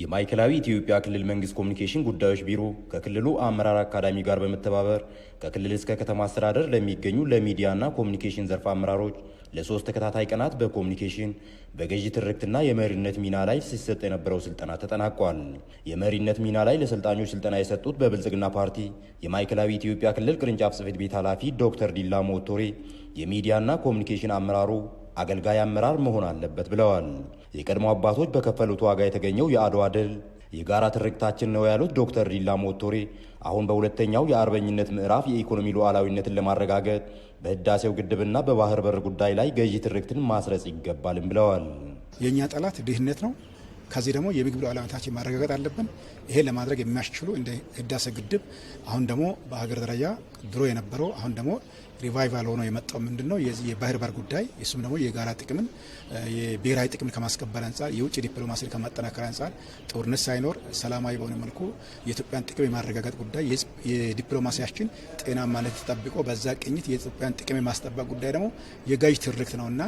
የማዕከላዊ ኢትዮጵያ ክልል መንግስት ኮሚኒኬሽን ጉዳዮች ቢሮ ከክልሉ አመራር አካዳሚ ጋር በመተባበር ከክልል እስከ ከተማ አስተዳደር ለሚገኙ ለሚዲያና ኮሚኒኬሽን ዘርፍ አመራሮች ለሶስት ተከታታይ ቀናት በኮሚኒኬሽን በገዢ ትርክትና የመሪነት ሚና ላይ ሲሰጥ የነበረው ስልጠና ተጠናቋል። የመሪነት ሚና ላይ ለሰልጣኞች ስልጠና የሰጡት በብልጽግና ፓርቲ የማዕከላዊ ኢትዮጵያ ክልል ቅርንጫፍ ጽፌት ቤት ኃላፊ ዶክተር ዲላ ሞቶሬ፣ የሚዲያና ኮሚኒኬሽን አመራሩ አገልጋይ አመራር መሆን አለበት ብለዋል። የቀድሞ አባቶች በከፈሉት ዋጋ የተገኘው የአድዋ ድል የጋራ ትርክታችን ነው ያሉት ዶክተር ዲላ ሞቶሬ አሁን በሁለተኛው የአርበኝነት ምዕራፍ የኢኮኖሚ ሉዓላዊነትን ለማረጋገጥ በህዳሴው ግድብና በባህር በር ጉዳይ ላይ ገዢ ትርክትን ማስረጽ ይገባልም ብለዋል። የእኛ ጠላት ድህነት ነው። ከዚህ ደግሞ የምግብ ሉዓላዊነታችን ማረጋገጥ አለብን። ይሄ ለማድረግ የሚያስችሉ እንደ ህዳሴ ግድብ አሁን ደግሞ በሀገር ደረጃ ድሮ የነበረው አሁን ደግሞ ሪቫይቫል ሆኖ የመጣው ምንድን ነው የዚህ የባህር በር ጉዳይ እሱም ደግሞ የጋራ ጥቅምን የብሔራዊ ጥቅምን ከማስከበር አንጻር የውጭ ዲፕሎማሲን ከማጠናከር አንጻር ጦርነት ሳይኖር ሰላማዊ በሆነ መልኩ የኢትዮጵያን ጥቅም የማረጋገጥ ጉዳይ የዲፕሎማሲያችን ጤናማነት ተጠብቆ በዛ ቅኝት የኢትዮጵያን ጥቅም የማስጠበቅ ጉዳይ ደግሞ የጋዥ ትርክት ነው እና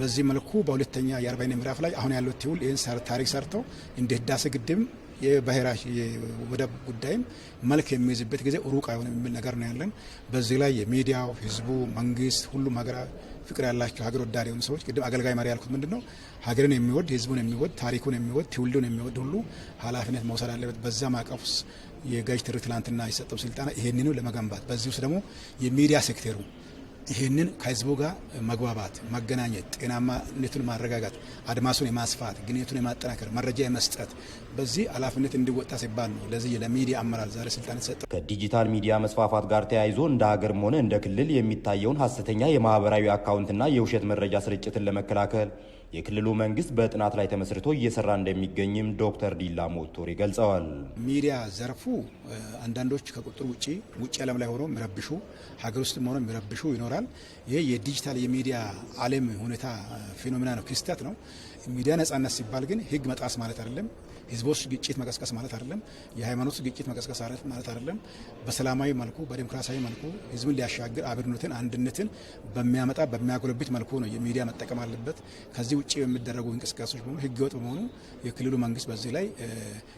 በዚህ መልኩ በሁለተኛ የአርባይነ ምዕራፍ ላይ አሁን ያለው ትውል ይህን ታሪክ ሰ ተሰርተው እንደ ህዳሴ ግድብ የባህራሽ የወደብ ጉዳይም መልክ የሚይዝበት ጊዜ ሩቅ አይሆን የሚል ነገር ነው ያለን። በዚህ ላይ የሚዲያው ህዝቡ፣ መንግስት፣ ሁሉም ሀገር ፍቅር ያላቸው ሀገር ወዳድ የሆኑ ሰዎች ቅድም አገልጋይ መሪ ያልኩት ምንድን ነው ሀገርን የሚወድ ህዝቡን የሚወድ ታሪኩን የሚወድ ትውልዱን የሚወድ ሁሉ ኃላፊነት መውሰድ አለበት። በዛ ማዕቀፍ ውስጥ የጋጅ ትርክ ትላንትና የሰጠው ስልጣና ይሄንኑ ለመገንባት በዚህ ውስጥ ደግሞ የሚዲያ ሴክተሩ ይህንን ከህዝቡ ጋር መግባባት፣ መገናኘት፣ ጤናማነቱን ማረጋጋት፣ አድማሱን የማስፋት ግንኙነቱን የማጠናከር መረጃ የመስጠት በዚህ ኃላፊነት እንዲወጣ ሲባል ነው ለዚህ ለሚዲያ አመራር ዛሬ ስልጣን የተሰጠ። ከዲጂታል ሚዲያ መስፋፋት ጋር ተያይዞ እንደ ሀገርም ሆነ እንደ ክልል የሚታየውን ሀሰተኛ የማህበራዊ አካውንትና የውሸት መረጃ ስርጭትን ለመከላከል የክልሉ መንግስት በጥናት ላይ ተመስርቶ እየሰራ እንደሚገኝም ዶክተር ዲላ ሞቶሪ ገልጸዋል። ሚዲያ ዘርፉ አንዳንዶች ከቁጥር ውጭ ውጭ ዓለም ላይ ሆነው የሚረብሹ ሀገር ውስጥም ሆነው የሚረብሹ ይኖራል። ይህ የዲጂታል የሚዲያ ዓለም ሁኔታ ፌኖሚና ነው፣ ክስተት ነው። ሚዲያ ነጻነት ሲባል ግን ህግ መጣስ ማለት አይደለም። ህዝቦች ግጭት መቀስቀስ ማለት አይደለም። የሃይማኖት ግጭት መቀስቀስ ማለት አይደለም። በሰላማዊ መልኩ በዴሞክራሲያዊ መልኩ ህዝብን ሊያሻግር አብሮነትን፣ አንድነትን በሚያመጣ በሚያጎለብት መልኩ ነው የሚዲያ መጠቀም አለበት። ከዚህ ውጭ በሚደረጉ እንቅስቃሴዎች በሙሉ ህገወጥ በመሆኑ የክልሉ መንግስት በዚህ ላይ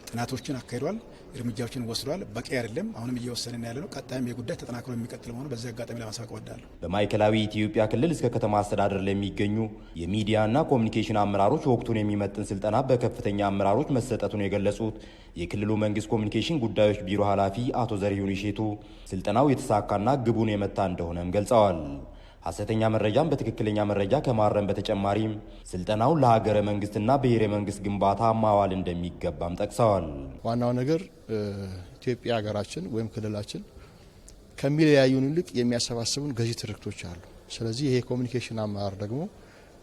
ጥናቶችን አካሂዷል፣ እርምጃዎችን ወስዷል። በቂ አይደለም፣ አሁንም እየወሰነ ያለ ነው። ቀጣይም የጉዳይ ተጠናክሮ የሚቀጥል መሆኑ በዚህ አጋጣሚ ለማሳወቅ እወዳለሁ። በማዕከላዊ ኢትዮጵያ ክልል እስከ ከተማ አስተዳደር ለሚገኙ የሚዲያና ኮሚኒኬሽን አመራሮች ወቅቱን የሚመጥን ስልጠና በከፍተኛ አመራሮች መሰጠቱን የገለጹት የክልሉ መንግስት ኮሚኒኬሽን ጉዳዮች ቢሮ ኃላፊ አቶ ዘሪሁን ይሼቱ ስልጠናው የተሳካና ግቡን የመታ እንደሆነም ገልጸዋል። ሐሰተኛ መረጃን በትክክለኛ መረጃ ከማረም በተጨማሪ ስልጠናውን ለሀገረ መንግስትና ብሔረ መንግስት ግንባታ ማዋል እንደሚገባም ጠቅሰዋል። ዋናው ነገር ኢትዮጵያ ሀገራችን ወይም ክልላችን ከሚለያዩን ይልቅ የሚያሰባስቡን ገዢ ትርክቶች አሉ። ስለዚህ ይሄ የኮሚኒኬሽን አመራር ደግሞ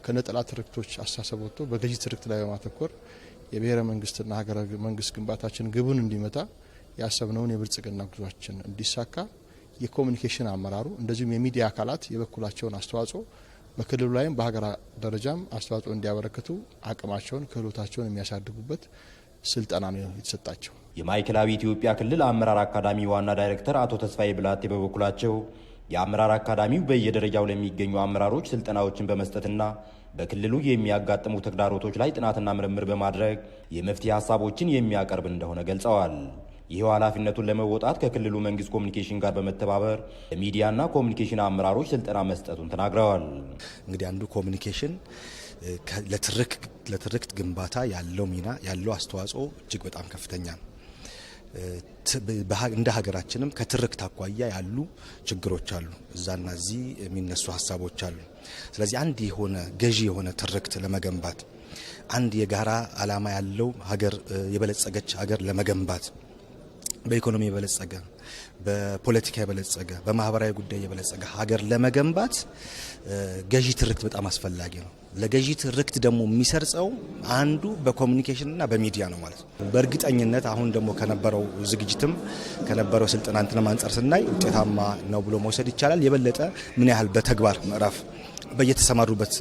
ከነጠላ ትርክቶች አስተሳሰብ ወጥቶ በገዢ ትርክት ላይ በማተኮር የብሔረ መንግስትና ሀገረ መንግስት ግንባታችን ግቡን እንዲመታ ያሰብነውን የብልጽግና ጉዟችን እንዲሳካ የኮሚኒኬሽን አመራሩ እንደዚሁም የሚዲያ አካላት የበኩላቸውን አስተዋጽኦ በክልሉ ላይም በሀገር ደረጃም አስተዋጽኦ እንዲያበረክቱ አቅማቸውን ክህሎታቸውን የሚያሳድጉበት ስልጠና ነው የተሰጣቸው። የማዕከላዊ ኢትዮጵያ ክልል አመራር አካዳሚ ዋና ዳይሬክተር አቶ ተስፋዬ ብላቴ በበኩላቸው የአመራር አካዳሚው በየደረጃው ለሚገኙ አመራሮች ስልጠናዎችን በመስጠትና በክልሉ የሚያጋጥሙ ተግዳሮቶች ላይ ጥናትና ምርምር በማድረግ የመፍትሄ ሀሳቦችን የሚያቀርብ እንደሆነ ገልጸዋል። ይህው ኃላፊነቱን ለመወጣት ከክልሉ መንግስት ኮሚኒኬሽን ጋር በመተባበር ለሚዲያና ኮሚኒኬሽን አመራሮች ስልጠና መስጠቱን ተናግረዋል። እንግዲህ አንዱ ኮሚኒኬሽን ለትርክት ግንባታ ያለው ሚና ያለው አስተዋጽኦ እጅግ በጣም ከፍተኛ ነው። እንደ ሀገራችንም ከትርክት አኳያ ያሉ ችግሮች አሉ። እዛና እዚህ የሚነሱ ሀሳቦች አሉ። ስለዚህ አንድ የሆነ ገዢ የሆነ ትርክት ለመገንባት አንድ የጋራ ዓላማ ያለው ሀገር የበለጸገች ሀገር ለመገንባት በኢኮኖሚ የበለጸገ በፖለቲካ የበለጸገ በማህበራዊ ጉዳይ የበለጸገ ሀገር ለመገንባት ገዢ ትርክት በጣም አስፈላጊ ነው። ለገዢ ትርክት ደግሞ የሚሰርጸው አንዱ በኮሚኒኬሽንና በሚዲያ ነው ማለት ነው። በእርግጠኝነት አሁን ደግሞ ከነበረው ዝግጅትም ከነበረው ስልጠና እንትንም አንጻር ስናይ ውጤታማ ነው ብሎ መውሰድ ይቻላል። የበለጠ ምን ያህል በተግባር ምዕራፍ በየተሰማሩበት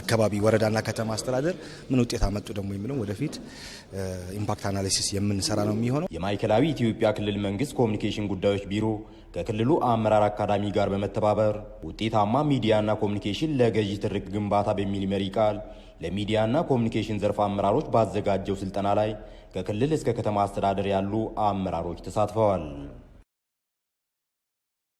አካባቢ ወረዳና ከተማ አስተዳደር ምን ውጤት አመጡ ደግሞ የሚለው ወደፊት ኢምፓክት አናሊሲስ የምንሰራ ነው የሚሆነው። የማዕከላዊ ኢትዮጵያ ክልል መንግስት ኮሚኒኬሽን ጉዳዮች ቢሮ ከክልሉ አመራር አካዳሚ ጋር በመተባበር ውጤታማ ሚዲያና ኮሚኒኬሽን ለገዢ ትርክ ግንባታ በሚል መሪ ቃል ለሚዲያና ኮሚኒኬሽን ዘርፍ አመራሮች ባዘጋጀው ስልጠና ላይ ከክልል እስከ ከተማ አስተዳደር ያሉ አመራሮች ተሳትፈዋል።